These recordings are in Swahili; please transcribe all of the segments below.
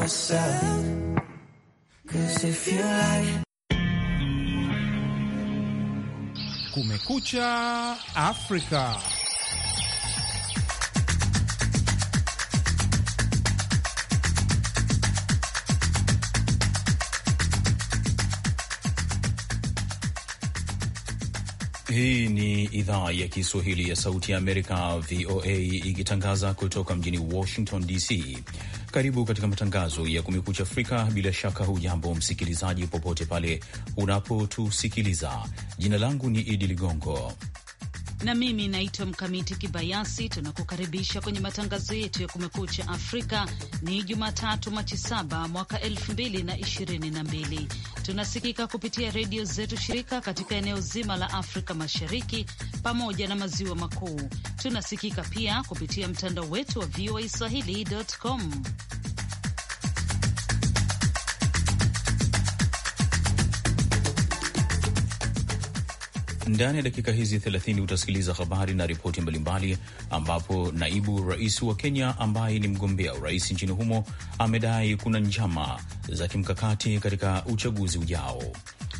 Cause if you like... Kumekucha Afrika. Hii ni idhaa ya Kiswahili ya Sauti ya Amerika, VOA, ikitangaza kutoka mjini Washington DC. Karibu katika matangazo ya Kumekucha Afrika. Bila shaka hujambo msikilizaji, popote pale unapotusikiliza. Jina langu ni Idi Ligongo na mimi naitwa Mkamiti Kibayasi. Tunakukaribisha kwenye matangazo yetu ya Kumekucha Afrika. Ni Jumatatu, Machi saba mwaka 2022 Tunasikika kupitia redio zetu shirika katika eneo zima la Afrika Mashariki pamoja na maziwa makuu. Tunasikika pia kupitia mtandao wetu wa VOA swahili.com. Ndani ya dakika hizi 30 utasikiliza habari na ripoti mbalimbali, ambapo naibu rais wa Kenya ambaye ni mgombea urais nchini humo amedai kuna njama za kimkakati katika uchaguzi ujao.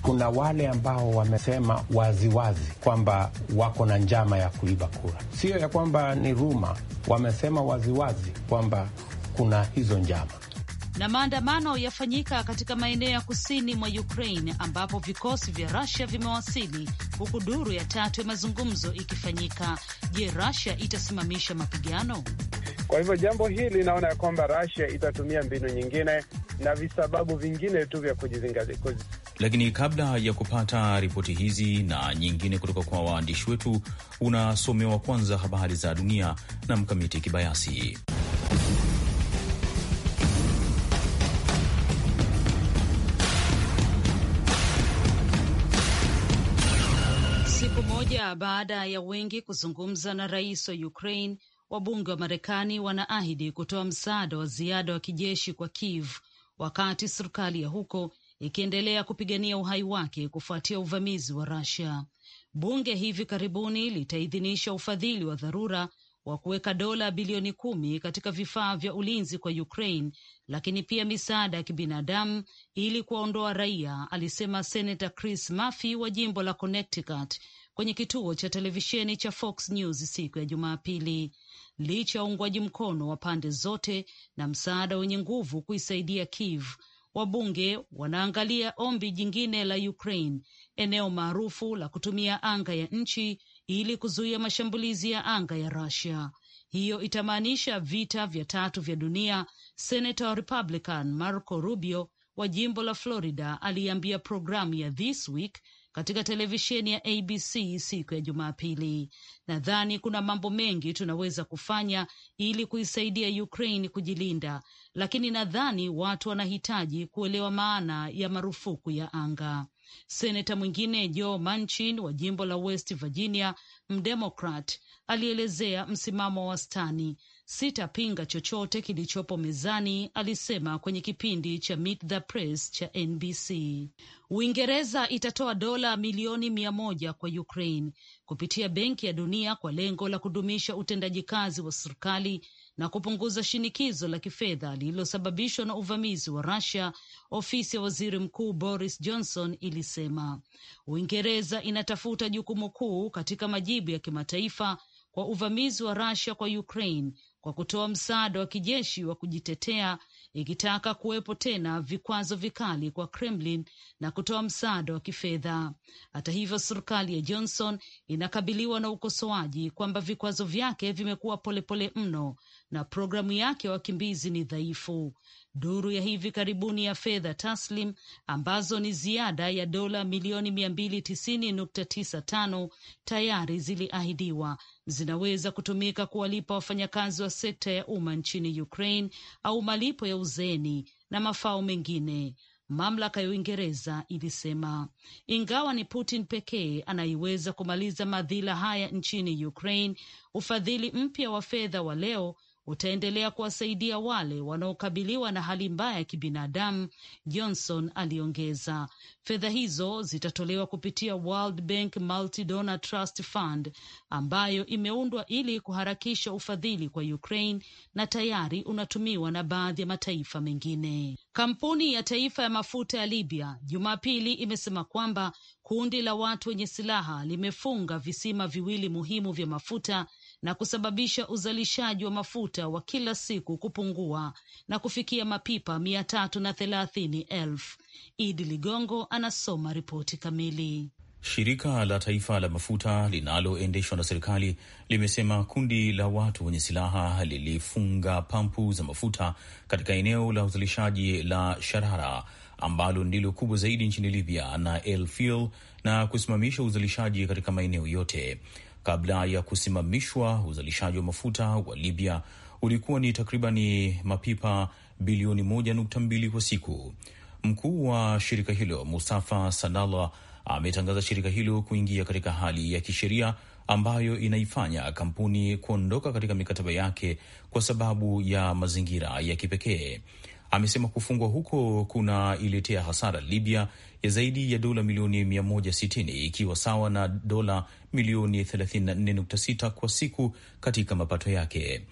Kuna wale ambao wamesema waziwazi kwamba wako na njama ya kuiba kura, siyo ya kwamba ni ruma. Wamesema waziwazi kwamba kuna hizo njama na maandamano yafanyika katika maeneo ya kusini mwa Ukraine ambapo vikosi vya rasia vimewasili huku duru ya tatu ya mazungumzo ikifanyika. Je, rasia itasimamisha mapigano? Kwa hivyo jambo hili linaona ya kwamba rasia itatumia mbinu nyingine na visababu vingine tu vya kujizingazia. Lakini kabla ya kupata ripoti hizi na nyingine kutoka kwa waandishi wetu, unasomewa kwanza habari za dunia na Mkamiti Kibayasi. baada ya wengi kuzungumza na rais wa Ukraine, wabunge wa Marekani wanaahidi kutoa msaada wa ziada wa kijeshi kwa Kiev wakati serikali ya huko ikiendelea kupigania uhai wake kufuatia uvamizi wa Russia. Bunge hivi karibuni litaidhinisha ufadhili wa dharura wa kuweka dola bilioni kumi katika vifaa vya ulinzi kwa Ukraine, lakini pia misaada ya kibinadamu ili kuwaondoa raia, alisema Senata Chris Murphy wa jimbo la Connecticut kwenye kituo cha televisheni cha Fox News siku ya Jumapili, licha ya uungwaji mkono wa pande zote na msaada wenye nguvu kuisaidia Kiev. Wabunge wanaangalia ombi jingine la Ukraine, eneo maarufu la kutumia anga ya nchi ili kuzuia mashambulizi ya anga ya Russia. Hiyo itamaanisha vita vya tatu vya dunia, senata wa Republican Marco Rubio wa jimbo la Florida aliambia programu ya This Week katika televisheni ya ABC siku ya Jumapili. Nadhani kuna mambo mengi tunaweza kufanya ili kuisaidia Ukraine kujilinda, lakini nadhani watu wanahitaji kuelewa maana ya marufuku ya anga. Seneta mwingine Joe Manchin wa jimbo la West Virginia, mdemokrat, alielezea msimamo wa wastani sitapinga chochote kilichopo mezani, alisema kwenye kipindi cha Meet the Press cha NBC. Uingereza itatoa dola milioni mia moja kwa Ukraine kupitia Benki ya Dunia kwa lengo la kudumisha utendaji kazi wa serikali na kupunguza shinikizo la kifedha lililosababishwa na uvamizi wa Russia. Ofisi ya waziri mkuu Boris Johnson ilisema Uingereza inatafuta jukumu kuu katika majibu ya kimataifa kwa uvamizi wa Russia kwa Ukraine kwa kutoa msaada wa kijeshi wa kujitetea, ikitaka kuwepo tena vikwazo vikali kwa Kremlin na kutoa msaada wa kifedha. Hata hivyo, serikali ya Johnson inakabiliwa na ukosoaji kwamba vikwazo vyake vimekuwa polepole mno na programu yake ya wakimbizi ni dhaifu. Duru ya hivi karibuni ya fedha taslim ambazo ni ziada ya dola milioni 290.95 tayari ziliahidiwa zinaweza kutumika kuwalipa wafanyakazi wa sekta ya umma nchini Ukraine au malipo ya uzeni na mafao mengine. Mamlaka ya Uingereza ilisema ingawa ni Putin pekee anayeweza kumaliza madhila haya nchini Ukraine, ufadhili mpya wa fedha wa leo utaendelea kuwasaidia wale wanaokabiliwa na hali mbaya ya kibinadamu, Johnson aliongeza. Fedha hizo zitatolewa kupitia World Bank Multi Donor Trust Fund ambayo imeundwa ili kuharakisha ufadhili kwa Ukraine na tayari unatumiwa na baadhi ya mataifa mengine. Kampuni ya taifa ya mafuta ya Libya Jumapili imesema kwamba kundi la watu wenye silaha limefunga visima viwili muhimu vya mafuta na kusababisha uzalishaji wa mafuta wa kila siku kupungua na kufikia mapipa mia tatu na thelathini elfu. Idi Ligongo anasoma ripoti kamili. Shirika la taifa la mafuta linaloendeshwa na serikali limesema kundi la watu wenye silaha lilifunga pampu za mafuta katika eneo la uzalishaji la Sharara ambalo ndilo kubwa zaidi nchini Libya na El Feel na kusimamisha uzalishaji katika maeneo yote kabla ya kusimamishwa uzalishaji wa mafuta wa Libya ulikuwa ni takribani mapipa bilioni 1.2 kwa siku. Mkuu wa shirika hilo Mustafa Sanalla ametangaza shirika hilo kuingia katika hali ya kisheria ambayo inaifanya kampuni kuondoka katika mikataba yake kwa sababu ya mazingira ya kipekee amesema kufungwa huko kunailetea hasara Libya ya zaidi ya dola milioni 160 ikiwa sawa na dola milioni 34.6 kwa siku katika mapato yake.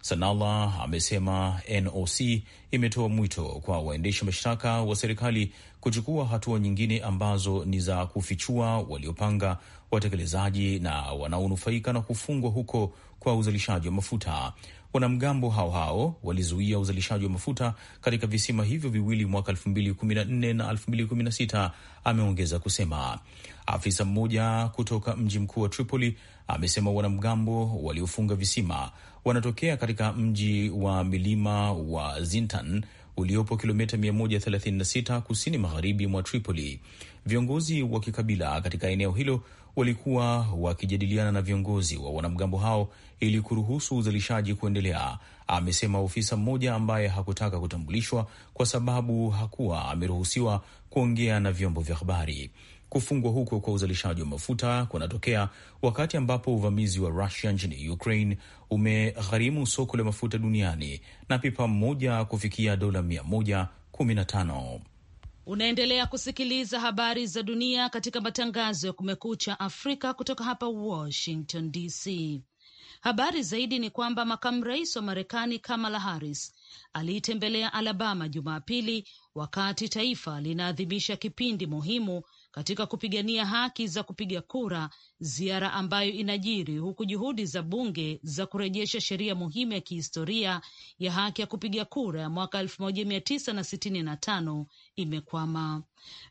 Sanalla amesema NOC imetoa mwito kwa waendesha mashtaka wa serikali kuchukua hatua nyingine ambazo ni za kufichua waliopanga, watekelezaji na wanaonufaika na kufungwa huko kwa uzalishaji wa mafuta wanamgambo hao hao walizuia uzalishaji wa mafuta katika visima hivyo viwili mwaka 2014 na 2016, ameongeza kusema. Afisa mmoja kutoka mji mkuu wa Tripoli amesema wanamgambo waliofunga visima wanatokea katika mji wa milima wa Zintan uliopo kilomita 136 kusini magharibi mwa Tripoli. Viongozi wa kikabila katika eneo hilo walikuwa wakijadiliana na viongozi wa wanamgambo hao ili kuruhusu uzalishaji kuendelea, amesema ofisa mmoja ambaye hakutaka kutambulishwa kwa sababu hakuwa ameruhusiwa kuongea na vyombo vya habari. Kufungwa huko kwa uzalishaji wa mafuta kunatokea wakati ambapo uvamizi wa Rusia nchini Ukraine umegharimu soko la mafuta duniani na pipa moja kufikia dola 115. Unaendelea kusikiliza habari za dunia katika matangazo ya Kumekucha Afrika kutoka hapa Washington DC. Habari zaidi ni kwamba makamu rais wa Marekani Kamala Harris aliitembelea Alabama Jumapili wakati taifa linaadhimisha kipindi muhimu katika kupigania haki za kupiga kura, ziara ambayo inajiri huku juhudi za bunge za kurejesha sheria muhimu ya kihistoria ya haki ya kupiga kura ya mwaka 1965 imekwama.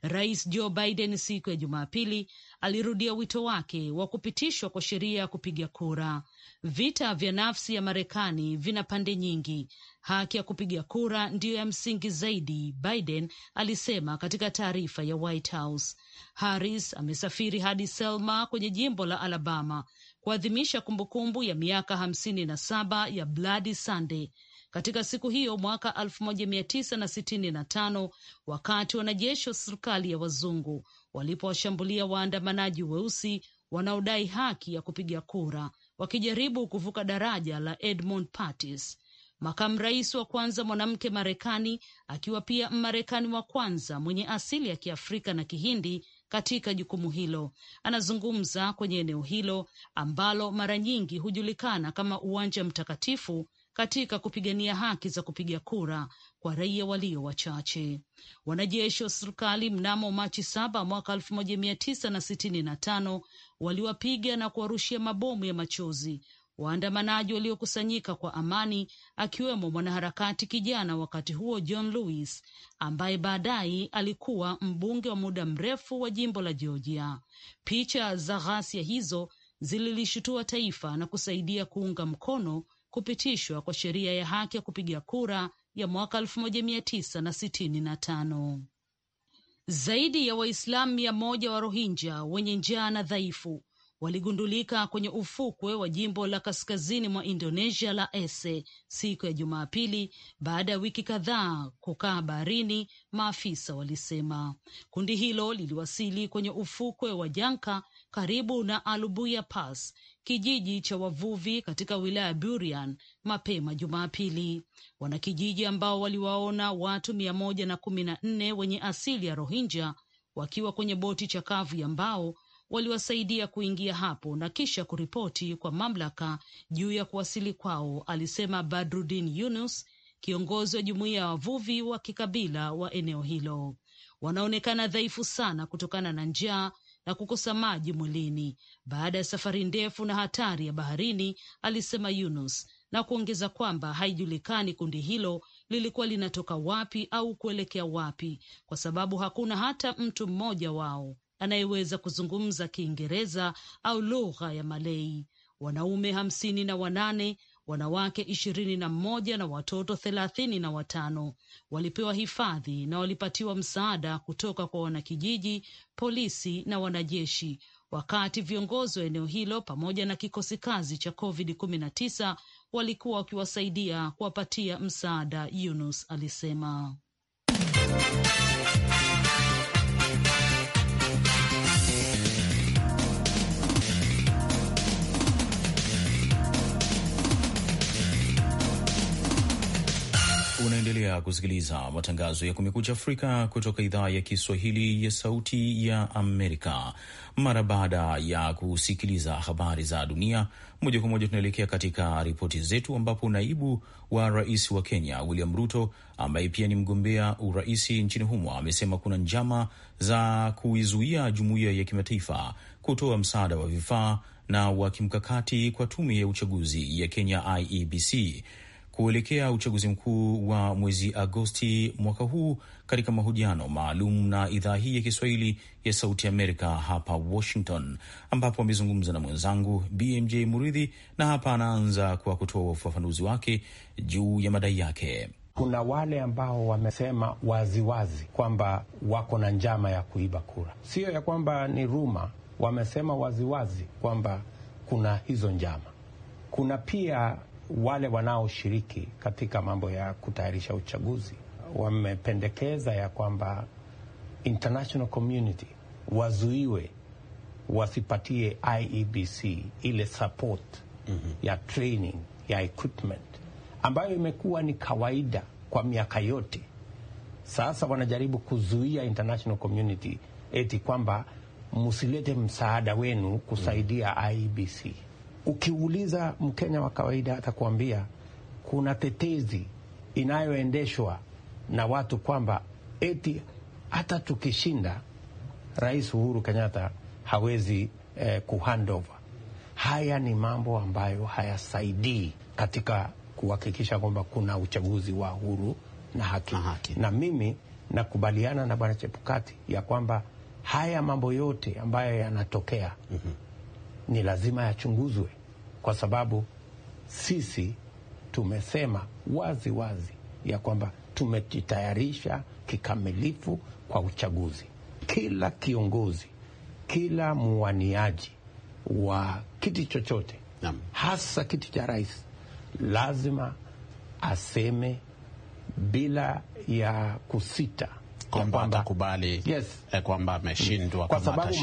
Rais Joe Biden siku ya Jumapili alirudia wito wake wa kupitishwa kwa sheria ya kupiga kura. Vita vya nafsi ya Marekani vina pande nyingi. Haki ya kupiga kura ndiyo ya msingi zaidi, Biden alisema katika taarifa ya White House. Harris amesafiri hadi Selma kwenye jimbo la Alabama kuadhimisha kumbukumbu ya miaka hamsini na saba ya Bloody Sunday, katika siku hiyo mwaka 1965 wakati wanajeshi wa serikali ya wazungu walipowashambulia waandamanaji weusi wanaodai haki ya kupiga kura wakijaribu kuvuka daraja la Edmund Pettus, makamu rais wa kwanza mwanamke Marekani, akiwa pia Mmarekani wa kwanza mwenye asili ya Kiafrika na Kihindi katika jukumu hilo anazungumza kwenye eneo hilo ambalo mara nyingi hujulikana kama uwanja mtakatifu katika kupigania haki za kupiga kura kwa raia walio wachache. Wanajeshi wa serikali mnamo Machi saba mwaka elfu moja mia tisa na sitini na tano waliwapiga na kuwarushia mabomu ya machozi waandamanaji waliokusanyika kwa amani, akiwemo mwanaharakati kijana wakati huo John Lewis ambaye baadaye alikuwa mbunge wa muda mrefu wa jimbo la Georgia. Picha za ghasia hizo zililishutua taifa na kusaidia kuunga mkono kupitishwa kwa sheria ya haki ya kupiga kura ya mwaka 1965. Zaidi ya Waislamu mia moja wa Rohingya wenye njaa na dhaifu waligundulika kwenye ufukwe wa jimbo la kaskazini mwa Indonesia la Aceh siku ya Jumapili baada ya wiki kadhaa kukaa baharini, maafisa walisema. Kundi hilo liliwasili kwenye ufukwe wa Janka karibu na Alubuya Pass kijiji cha wavuvi katika wilaya ya Burian mapema Jumapili. Wanakijiji ambao waliwaona watu mia moja na kumi na nne wenye asili ya Rohingya wakiwa kwenye boti chakavu ya mbao waliwasaidia kuingia hapo na kisha kuripoti kwa mamlaka juu ya kuwasili kwao, alisema Badrudin Yunus, kiongozi wa jumuiya ya wavuvi wa kikabila wa eneo hilo. Wanaonekana dhaifu sana kutokana na njaa na kukosa maji mwilini baada ya safari ndefu na hatari ya baharini, alisema Yunus na kuongeza kwamba haijulikani kundi hilo lilikuwa linatoka wapi au kuelekea wapi, kwa sababu hakuna hata mtu mmoja wao anayeweza kuzungumza Kiingereza au lugha ya Malei. Wanaume hamsini na wanane wanawake ishirini na mmoja na watoto thelathini na watano walipewa hifadhi na walipatiwa msaada kutoka kwa wanakijiji, polisi na wanajeshi, wakati viongozi wa eneo hilo pamoja na kikosi kazi cha COVID-19 walikuwa wakiwasaidia kuwapatia msaada, Yunus alisema. Unaendelea kusikiliza matangazo ya Kumekucha Afrika kutoka idhaa ya Kiswahili ya Sauti ya Amerika. Mara baada ya kusikiliza habari za dunia moja kwa moja, tunaelekea katika ripoti zetu, ambapo naibu wa rais wa Kenya William Ruto, ambaye pia ni mgombea urais nchini humo, amesema kuna njama za kuizuia jumuiya ya kimataifa kutoa msaada wa vifaa na wa kimkakati kwa tume ya uchaguzi ya Kenya IEBC kuelekea uchaguzi mkuu wa mwezi Agosti mwaka huu. Katika mahojiano maalum na idhaa hii ya Kiswahili ya Sauti Amerika hapa Washington, ambapo amezungumza na mwenzangu BMJ Muridhi, na hapa anaanza kwa kutoa ufafanuzi wake juu ya madai yake. Kuna wale ambao wamesema waziwazi kwamba wako na njama ya kuiba kura, siyo ya kwamba ni ruma. Wamesema waziwazi kwamba kuna hizo njama. Kuna pia wale wanaoshiriki katika mambo ya kutayarisha uchaguzi wamependekeza ya kwamba international community wazuiwe wasipatie IEBC ile support mm -hmm. ya training ya equipment ambayo imekuwa ni kawaida kwa miaka yote. Sasa wanajaribu kuzuia international community eti kwamba msilete msaada wenu kusaidia mm -hmm. IEBC. Ukiuliza Mkenya wa kawaida atakuambia kuna tetezi inayoendeshwa na watu kwamba eti hata tukishinda Rais Uhuru Kenyatta hawezi eh, kuhandover. Haya ni mambo ambayo hayasaidii katika kuhakikisha kwamba kuna uchaguzi wa huru na haki, na haki. Na mimi nakubaliana na Bwana Chepukati ya kwamba haya mambo yote ambayo yanatokea mm -hmm ni lazima yachunguzwe, kwa sababu sisi tumesema wazi wazi ya kwamba tumejitayarisha kikamilifu kwa uchaguzi. Kila kiongozi, kila muwaniaji wa kiti chochote hasa kiti cha rais lazima aseme bila ya kusita kwamba atakubali yes, eh, kwamba ameshindwa, kwa sababu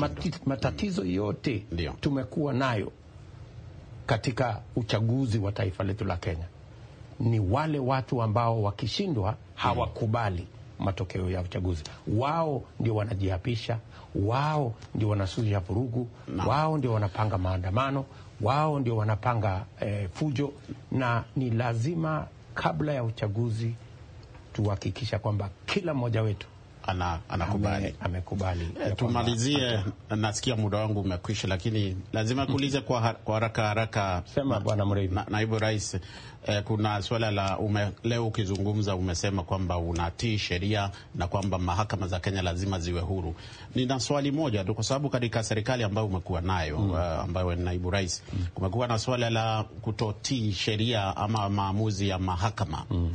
matatizo yote Ndiyo. tumekuwa nayo katika uchaguzi wa taifa letu la Kenya ni wale watu ambao wakishindwa hawakubali matokeo ya uchaguzi. Wao ndio wanajiapisha, wao ndio wanasuja vurugu, wao ndio wanapanga maandamano, wao ndio wanapanga eh, fujo, na ni lazima kabla ya uchaguzi tuhakikisha kwamba kila mmoja wetu ana, anakubali amekubali. E, tumalizie, nasikia muda wangu umekwisha, lakini lazima kuulize kwa, kwa haraka haraka. Sema bwana Mreithi. Na, naibu rais e, kuna swala la ume, leo ukizungumza umesema kwamba unatii sheria na kwamba mahakama za Kenya lazima ziwe huru. Nina swali moja tu, kwa sababu katika serikali ambayo umekuwa nayo mm, eh, ambayo ni naibu rais mm, kumekuwa na swala la kutotii sheria ama maamuzi ya mahakama mm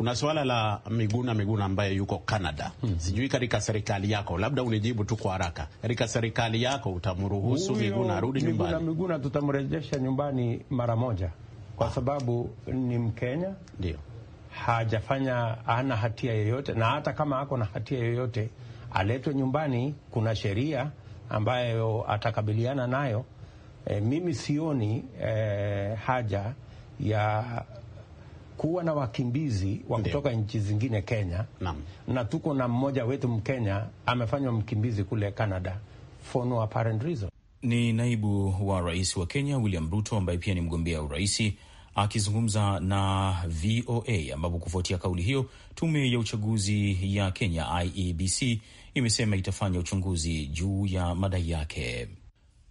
kuna swala la Miguna Miguna ambaye yuko Canada. Hmm. Sijui katika serikali yako, labda unijibu tu kwa haraka, katika serikali yako utamruhusu Miguna arudi nyumbani? Miguna Miguna tutamrejesha nyumbani mara moja kwa ah, sababu ni Mkenya, ndio hajafanya, ana hatia yoyote, na hata kama ako na hatia yoyote aletwe nyumbani. Kuna sheria ambayo atakabiliana nayo. E, mimi sioni e, haja ya kuwa na wakimbizi wa kutoka nchi zingine Kenya na, na tuko na mmoja wetu Mkenya amefanywa mkimbizi kule Canada for no apparent reason. Ni naibu wa rais wa Kenya William Ruto ambaye pia ni mgombea urais akizungumza na VOA ambapo kufuatia kauli hiyo, tume ya uchaguzi ya Kenya IEBC imesema itafanya uchunguzi juu ya madai yake.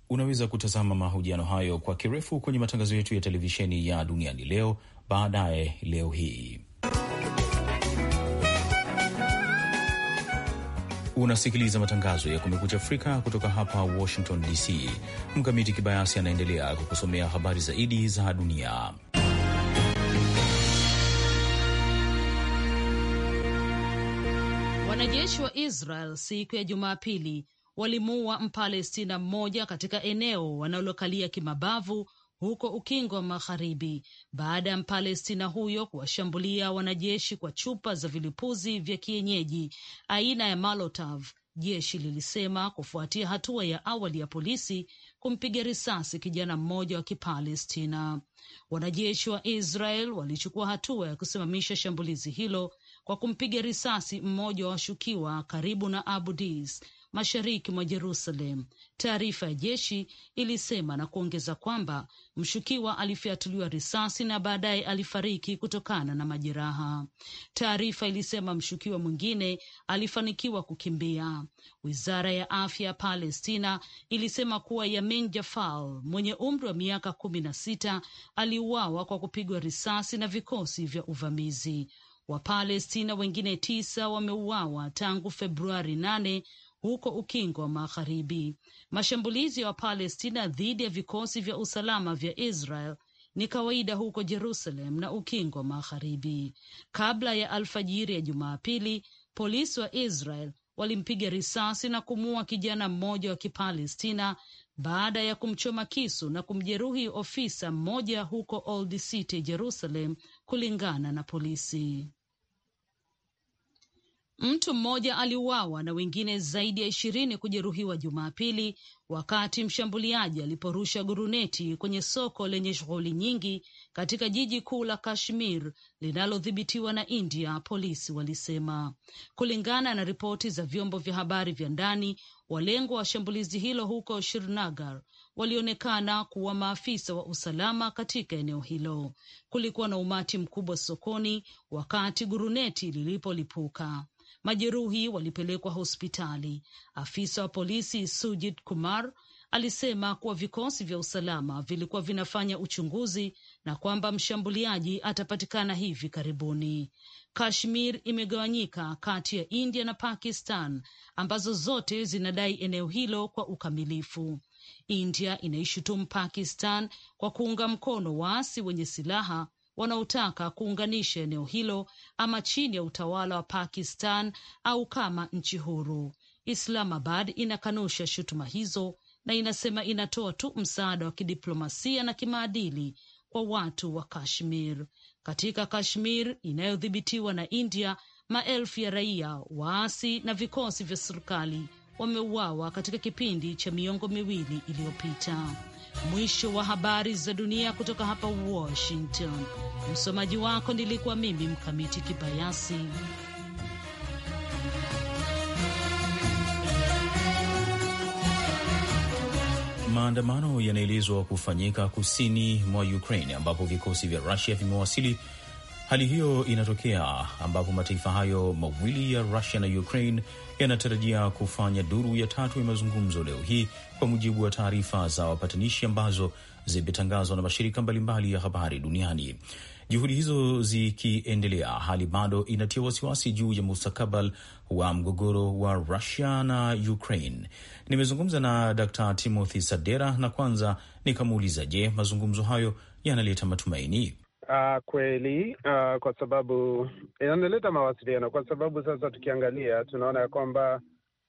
Unaweza kutazama mahojiano hayo kwa kirefu kwenye matangazo yetu ya televisheni ya Duniani Leo baadaye leo hii. Unasikiliza matangazo ya Kumekucha Afrika kutoka hapa Washington DC. Mkamiti Kibayasi anaendelea kukusomea habari zaidi za dunia. Wanajeshi wa Israel siku ya Jumapili walimuua Mpalestina mmoja katika eneo wanalokalia kimabavu huko Ukingo wa Magharibi baada ya Mpalestina huyo kuwashambulia wanajeshi kwa chupa za vilipuzi vya kienyeji aina ya Molotov, jeshi lilisema kufuatia hatua ya awali ya polisi kumpiga risasi kijana mmoja wa Kipalestina. Wanajeshi wa Israel walichukua hatua ya kusimamisha shambulizi hilo kwa kumpiga risasi mmoja wa washukiwa karibu na Abu Dis mashariki mwa Jerusalem, taarifa ya jeshi ilisema na kuongeza kwamba mshukiwa alifyatuliwa risasi na baadaye alifariki kutokana na majeraha. Taarifa ilisema mshukiwa mwingine alifanikiwa kukimbia. Wizara ya afya ya Palestina ilisema kuwa Yamin Jafal mwenye umri wa miaka kumi na sita aliuawa kwa kupigwa risasi na vikosi vya uvamizi. Wapalestina wengine tisa wameuawa tangu Februari nane huko ukingo wa Magharibi. Mashambulizi ya wa Wapalestina dhidi ya vikosi vya usalama vya Israel ni kawaida huko Jerusalem na ukingo wa Magharibi. Kabla ya alfajiri ya Jumapili, polisi wa Israel walimpiga risasi na kumuua kijana mmoja wa Kipalestina baada ya kumchoma kisu na kumjeruhi ofisa mmoja huko Old City Jerusalem, kulingana na polisi. Mtu mmoja aliuawa na wengine zaidi ya ishirini kujeruhiwa Jumapili wakati mshambuliaji aliporusha guruneti kwenye soko lenye shughuli nyingi katika jiji kuu la Kashmir linalodhibitiwa na India, polisi walisema, kulingana na ripoti za vyombo vya habari vya ndani. Walengwa wa shambulizi hilo huko Shirnagar walionekana kuwa maafisa wa usalama katika eneo hilo. Kulikuwa na umati mkubwa sokoni wakati guruneti lilipolipuka. Majeruhi walipelekwa hospitali. Afisa wa polisi Sujit Kumar alisema kuwa vikosi vya usalama vilikuwa vinafanya uchunguzi na kwamba mshambuliaji atapatikana hivi karibuni. Kashmir imegawanyika kati ya India na Pakistan ambazo zote zinadai eneo hilo kwa ukamilifu. India inaishutumu Pakistan kwa kuunga mkono waasi wenye silaha wanaotaka kuunganisha eneo hilo ama chini ya utawala wa Pakistan au kama nchi huru. Islamabad inakanusha shutuma hizo na inasema inatoa tu msaada wa kidiplomasia na kimaadili kwa watu wa Kashmir. Katika Kashmir inayodhibitiwa na India, maelfu ya raia waasi na vikosi vya serikali wameuawa katika kipindi cha miongo miwili iliyopita. Mwisho wa habari za dunia kutoka hapa Washington. Msomaji wako nilikuwa mimi Mkamiti Kibayasi. Maandamano yanaelezwa kufanyika kusini mwa Ukraine ambapo vikosi vya Rusia vimewasili Hali hiyo inatokea ambapo mataifa hayo mawili ya Rusia na Ukraine yanatarajia kufanya duru ya tatu ya mazungumzo leo hii, kwa mujibu wa taarifa za wapatanishi ambazo zimetangazwa na mashirika mbalimbali ya habari duniani. Juhudi hizo zikiendelea, hali bado inatia wasiwasi juu ya mustakabal wa mgogoro wa Rusia na Ukraine. Nimezungumza na Dr Timothy Sadera na kwanza nikamuuliza, je, mazungumzo hayo yanaleta matumaini? Uh, kweli uh, kwa sababu inaleta mawasiliano, kwa sababu sasa tukiangalia tunaona ya kwamba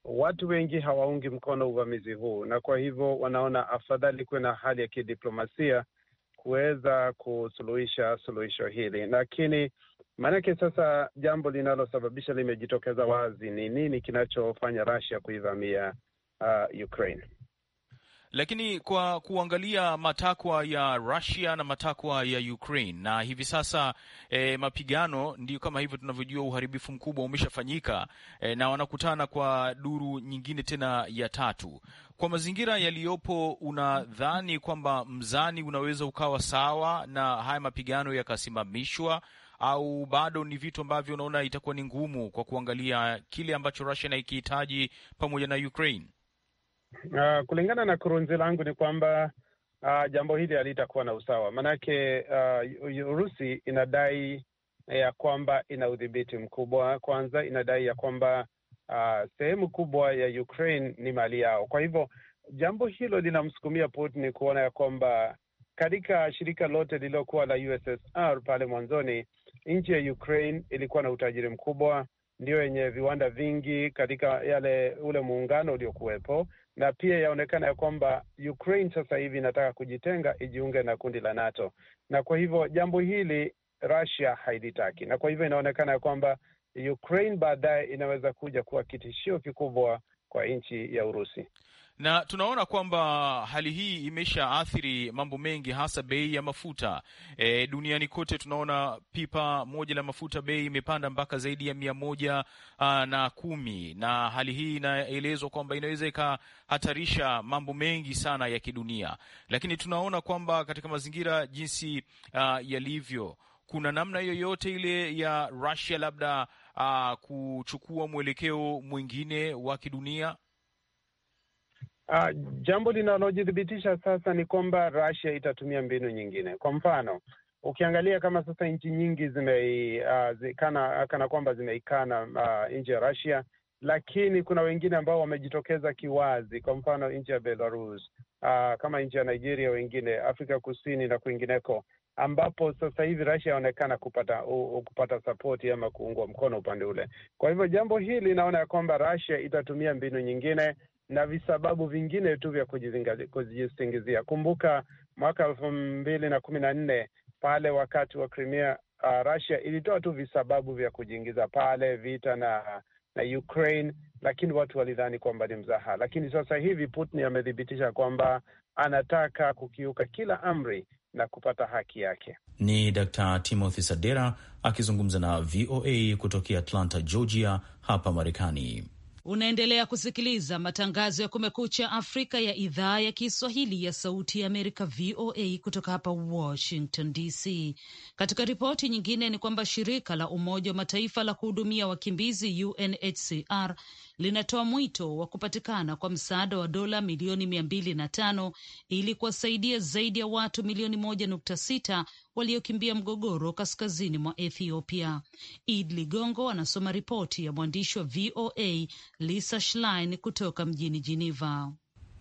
watu wengi hawaungi mkono uvamizi huu, na kwa hivyo wanaona afadhali kuwe na hali ya kidiplomasia kuweza kusuluhisha suluhisho hili. Lakini maanake sasa jambo linalosababisha limejitokeza wazi, ni nini kinachofanya Russia kuivamia uh, Ukraine. Lakini kwa kuangalia matakwa ya Russia na matakwa ya Ukraine na hivi sasa e, mapigano ndio kama hivyo tunavyojua, uharibifu mkubwa umeshafanyika e, na wanakutana kwa duru nyingine tena ya tatu. Kwa mazingira yaliyopo, unadhani kwamba mzani unaweza ukawa sawa na haya mapigano yakasimamishwa, au bado ni vitu ambavyo unaona itakuwa ni ngumu kwa kuangalia kile ambacho Russia na ikihitaji pamoja na Ukraine? Uh, kulingana na kurunzi langu ni kwamba uh, jambo hili halitakuwa na usawa, maanake uh, ah, Urusi inadai ya kwamba ina udhibiti mkubwa. Kwanza inadai ya kwamba uh, sehemu kubwa ya Ukraine ni mali yao. Kwa hivyo jambo hilo linamsukumia Putin kuona ya kwamba katika shirika lote lililokuwa la USSR pale mwanzoni, nchi ya Ukraine ilikuwa na utajiri mkubwa, ndio yenye viwanda vingi katika yale ule muungano uliokuwepo, na pia yaonekana ya kwamba Ukraine sasa hivi inataka kujitenga ijiunge na kundi la NATO, na kwa hivyo jambo hili Russia hailitaki, na kwa hivyo inaonekana ya kwamba Ukraine baadaye inaweza kuja kuwa kitishio kikubwa kwa nchi ya Urusi na tunaona kwamba hali hii imeshaathiri mambo mengi, hasa bei ya mafuta e, duniani kote. Tunaona pipa moja la mafuta bei imepanda mpaka zaidi ya mia moja a, na kumi, na hali hii inaelezwa kwamba inaweza ikahatarisha mambo mengi sana ya kidunia, lakini tunaona kwamba katika mazingira jinsi a, yalivyo kuna namna yoyote ile ya Russia labda a, kuchukua mwelekeo mwingine wa kidunia? Uh, jambo linalojithibitisha sasa ni kwamba Russia itatumia mbinu nyingine. Kwa mfano, ukiangalia kama sasa nchi nyingi zime, uh, ah, zikana, kana, kwamba zimeikana uh, nchi ya Russia, lakini kuna wengine ambao wamejitokeza kiwazi, kwa mfano nchi ya Belarus, uh, kama nchi ya Nigeria, wengine Afrika Kusini na kwingineko, ambapo sasa hivi Russia inaonekana kupata uh, kupata sapoti ama kuungwa mkono upande ule. Kwa hivyo jambo hili linaona ya kwamba Russia itatumia mbinu nyingine na visababu vingine tu vya kujisingizia. Kumbuka mwaka elfu mbili na kumi na nne pale wakati wa krimia uh, Russia ilitoa tu visababu vya kujiingiza pale vita na na Ukraine, lakini watu walidhani kwamba ni mzaha. Lakini sasa hivi Putin amethibitisha kwamba anataka kukiuka kila amri na kupata haki yake. Ni d Timothy Sadera akizungumza na VOA kutokea Atlanta, Georgia, hapa Marekani. Unaendelea kusikiliza matangazo ya Kumekucha Afrika ya idhaa ya Kiswahili ya Sauti ya Amerika, VOA, kutoka hapa Washington DC. Katika ripoti nyingine ni kwamba shirika la Umoja wa Mataifa la kuhudumia wakimbizi UNHCR linatoa mwito wa kupatikana kwa msaada wa dola milioni mia mbili na tano ili kuwasaidia zaidi ya watu milioni moja nukta sita waliokimbia mgogoro kaskazini mwa Ethiopia. Id Ligongo anasoma ripoti ya mwandishi wa VOA Lisa Schlein kutoka mjini Jeneva.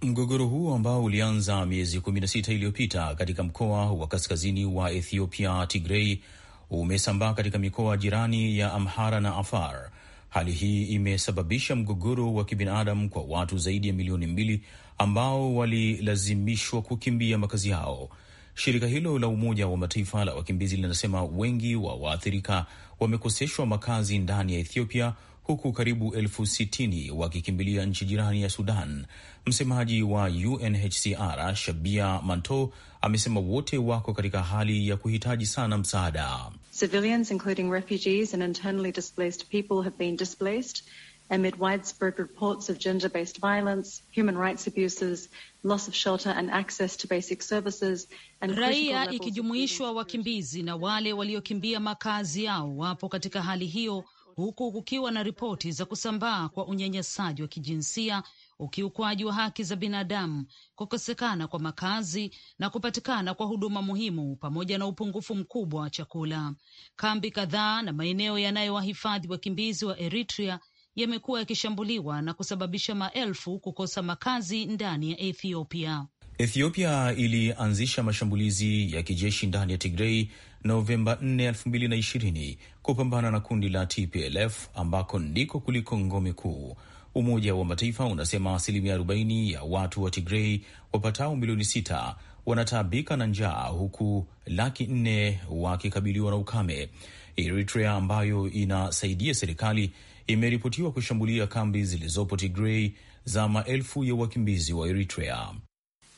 Mgogoro huo ambao ulianza miezi 16 iliyopita katika mkoa wa kaskazini wa Ethiopia, Tigrei, umesambaa katika mikoa jirani ya Amhara na Afar Hali hii imesababisha mgogoro wa kibinadamu kwa watu zaidi ya milioni mbili ambao walilazimishwa kukimbia makazi yao. Shirika hilo la Umoja wa Mataifa la wakimbizi linasema wengi wa waathirika wamekoseshwa makazi ndani ya Ethiopia, huku karibu elfu sitini wakikimbilia nchi jirani ya Sudan. Msemaji wa UNHCR Shabia Manto amesema wote wako katika hali ya kuhitaji sana msaada. Civilians, including refugees and internally displaced people, have been displaced amid widespread reports of gender based violence, human rights abuses, loss of shelter and access to basic services. And raia ikijumuishwa wakimbizi na wale waliokimbia makazi yao wapo katika hali hiyo, huku kukiwa na ripoti za kusambaa kwa unyanyasaji wa kijinsia ukiukwaji wa haki za binadamu, kukosekana kwa makazi na kupatikana kwa huduma muhimu, pamoja na upungufu mkubwa wa chakula. Kambi kadhaa na maeneo yanayowahifadhi wakimbizi wa Eritrea yamekuwa yakishambuliwa na kusababisha maelfu kukosa makazi ndani ya Ethiopia. Ethiopia ilianzisha mashambulizi ya kijeshi ndani ya Tigrei Novemba 4, 2020 kupambana na kundi la TPLF ambako ndiko kuliko ngome kuu. Umoja wa Mataifa unasema asilimia 40 ya watu wa Tigrei wapatao milioni sita wanataabika na njaa huku laki nne wakikabiliwa na ukame. Eritrea ambayo inasaidia serikali imeripotiwa kushambulia kambi zilizopo Tigrei za maelfu ya wakimbizi wa Eritrea.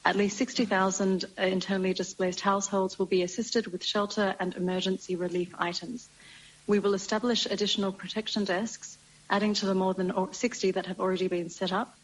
At least 60,000 uh, internally displaced households will be assisted with shelter and emergency relief items. We will establish additional protection desks adding to the more than 60 that have already been set up.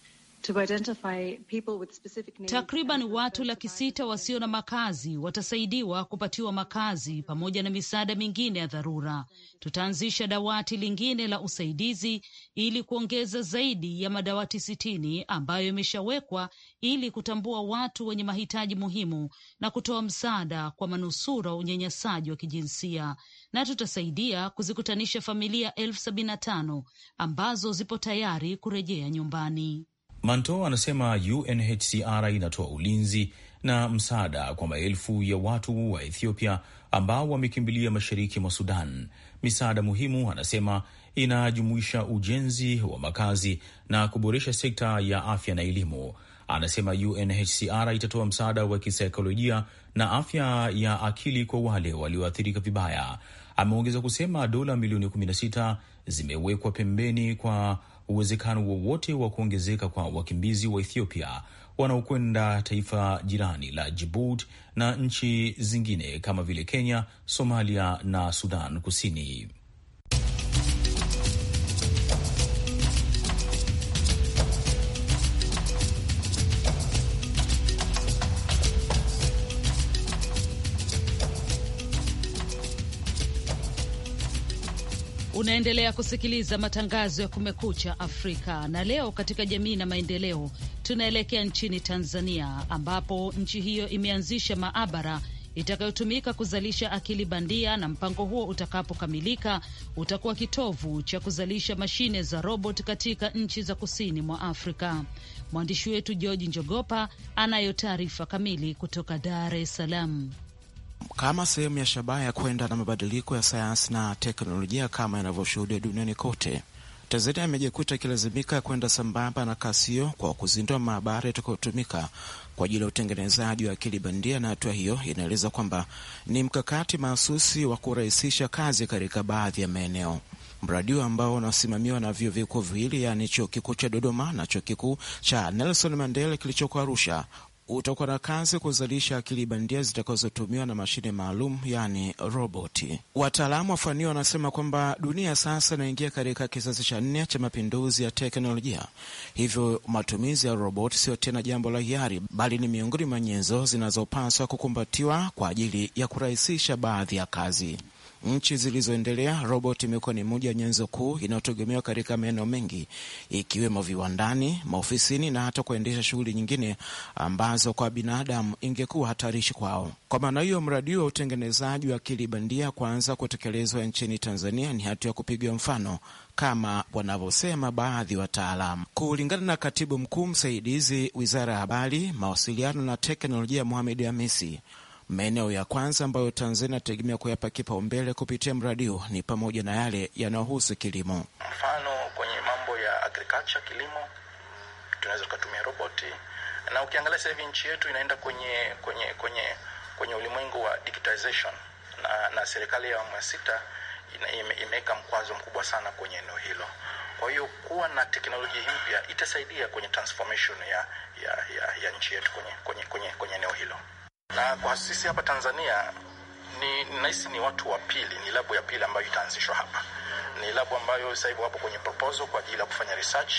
Takriban watu laki sita wasio na makazi watasaidiwa kupatiwa makazi pamoja na misaada mingine ya dharura. Tutaanzisha dawati lingine la usaidizi ili kuongeza zaidi ya madawati sitini ambayo imeshawekwa ili kutambua watu wenye mahitaji muhimu na kutoa msaada kwa manusura unyanyasaji wa kijinsia na tutasaidia kuzikutanisha familia elfu sabini na tano ambazo zipo tayari kurejea nyumbani. Manto anasema UNHCR inatoa ulinzi na msaada kwa maelfu ya watu wa Ethiopia ambao wamekimbilia mashariki mwa Sudan. Misaada muhimu, anasema, inajumuisha ujenzi wa makazi na kuboresha sekta ya afya na elimu. Anasema UNHCR itatoa msaada wa kisaikolojia na afya ya akili kwa wale walioathirika vibaya. Ameongeza kusema dola milioni 16 zimewekwa pembeni kwa uwezekano wowote wa kuongezeka kwa wakimbizi wa Ethiopia wanaokwenda taifa jirani la Djibouti na nchi zingine kama vile Kenya, Somalia na Sudan Kusini. Unaendelea kusikiliza matangazo ya Kumekucha Afrika, na leo katika jamii na maendeleo tunaelekea nchini Tanzania, ambapo nchi hiyo imeanzisha maabara itakayotumika kuzalisha akili bandia, na mpango huo utakapokamilika utakuwa kitovu cha kuzalisha mashine za robot katika nchi za kusini mwa Afrika. Mwandishi wetu George Njogopa anayo taarifa kamili kutoka Dar es Salaam kama sehemu ya shabaha ya kwenda na mabadiliko ya sayansi na teknolojia kama inavyoshuhudia duniani kote. Tanzania imejikuta ikilazimika kwenda sambamba na kasi hiyo kwa kuzindua maabara itakayotumika kwa ajili ya utengenezaji wa akili bandia, na hatua hiyo inaeleza kwamba ni mkakati mahususi wa kurahisisha kazi katika baadhi ya maeneo. Mradi huo ambao unasimamiwa na vyuo vikuu viwili, yaani chuo kikuu cha Dodoma na chuo kikuu cha Nelson Mandela kilichoko Arusha, utakuwa na kazi kuzalisha akili bandia zitakazotumiwa na mashine maalum, yani roboti. Wataalamu wa wanasema kwamba dunia sasa inaingia katika kizazi cha nne cha mapinduzi ya teknolojia, hivyo matumizi ya roboti sio tena jambo la hiari, bali ni miongoni mwa nyenzo zinazopaswa kukumbatiwa kwa ajili ya kurahisisha baadhi ya kazi. Nchi zilizoendelea robot imekuwa ni moja ya nyenzo kuu inayotegemewa katika maeneo mengi ikiwemo viwandani, maofisini na hata kuendesha shughuli nyingine ambazo kwa binadamu ingekuwa hatarishi kwao. Kwa maana hiyo, mradi wa utengenezaji wa akili bandia kuanza kutekelezwa nchini Tanzania ni hatua ya kupigiwa mfano kama wanavyosema baadhi ya wataalamu. Kulingana na katibu mkuu msaidizi wizara ya habari, mawasiliano na teknolojia, muhamedi Hamisi Maeneo ya kwanza ambayo Tanzania inategemea kuyapa kipaumbele kupitia mradi huu ni pamoja na yale yanayohusu kilimo. Mfano, kwenye mambo ya agriculture, kilimo tunaweza tukatumia roboti, na ukiangalia sasa hivi nchi yetu inaenda kwenye kwenye kwenye kwenye ulimwengu wa digitization, na, na serikali ya awamu ya sita imeweka mkwazo mkubwa sana kwenye eneo hilo. Kwa hiyo kuwa na teknolojia mpya itasaidia kwenye transformation ya, ya, ya, ya nchi yetu kwenye, kwenye, kwenye, kwenye eneo hilo na kwa sisi hapa Tanzania ni nahisi ni watu wa pili, ni labu ya pili ambayo itaanzishwa hapa. Ni labu ambayo sasa hivi wapo kwenye proposal kwa ajili ya kufanya research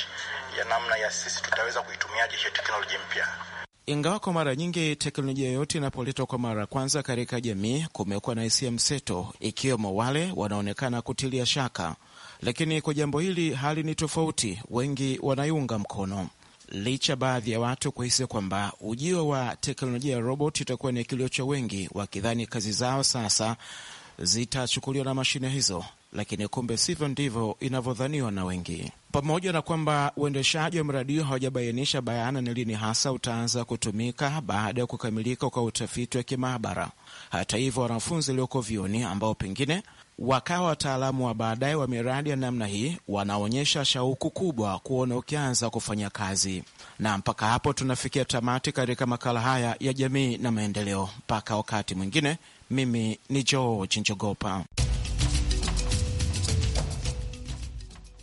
ya namna ya sisi tutaweza kuitumiaje hiyo teknoloji mpya. Ingawa kwa mara nyingi teknolojia yoyote inapoletwa kwa mara ya kwanza katika jamii kumekuwa na hisia mseto, ikiwemo wale wanaonekana kutilia shaka, lakini kwa jambo hili hali ni tofauti, wengi wanaiunga mkono licha baadhi ya watu kuhisi kwamba ujio wa teknolojia ya robot itakuwa ni kilio cha wengi, wakidhani kazi zao sasa zitachukuliwa na mashine hizo, lakini kumbe sivyo ndivyo inavyodhaniwa na wengi pamoja na kwamba uendeshaji wa mradi huo hawajabainisha bayana ni lini hasa utaanza kutumika baada ya kukamilika kwa utafiti wa kimaabara. Hata hivyo, wanafunzi walioko vioni ambao pengine wakawa wataalamu wa baadaye wa miradi ya namna hii wanaonyesha shauku kubwa kuona ukianza kufanya kazi. Na mpaka hapo tunafikia tamati katika makala haya ya jamii na maendeleo. Mpaka wakati mwingine, mimi ni George Njogopa.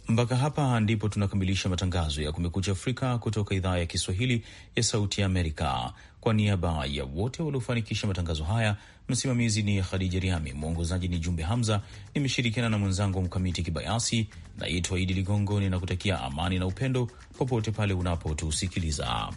Mpaka hapa ndipo tunakamilisha matangazo ya Kumekucha Afrika kutoka idhaa ya Kiswahili ya Sauti ya Amerika. Kwa niaba ya wote waliofanikisha matangazo haya, msimamizi ni Khadija Riami, mwongozaji ni Jumbe Hamza. Nimeshirikiana na mwenzangu Mkamiti Kibayasi. Naitwa Idi Ligongo, ninakutakia amani na upendo popote pale unapotusikiliza.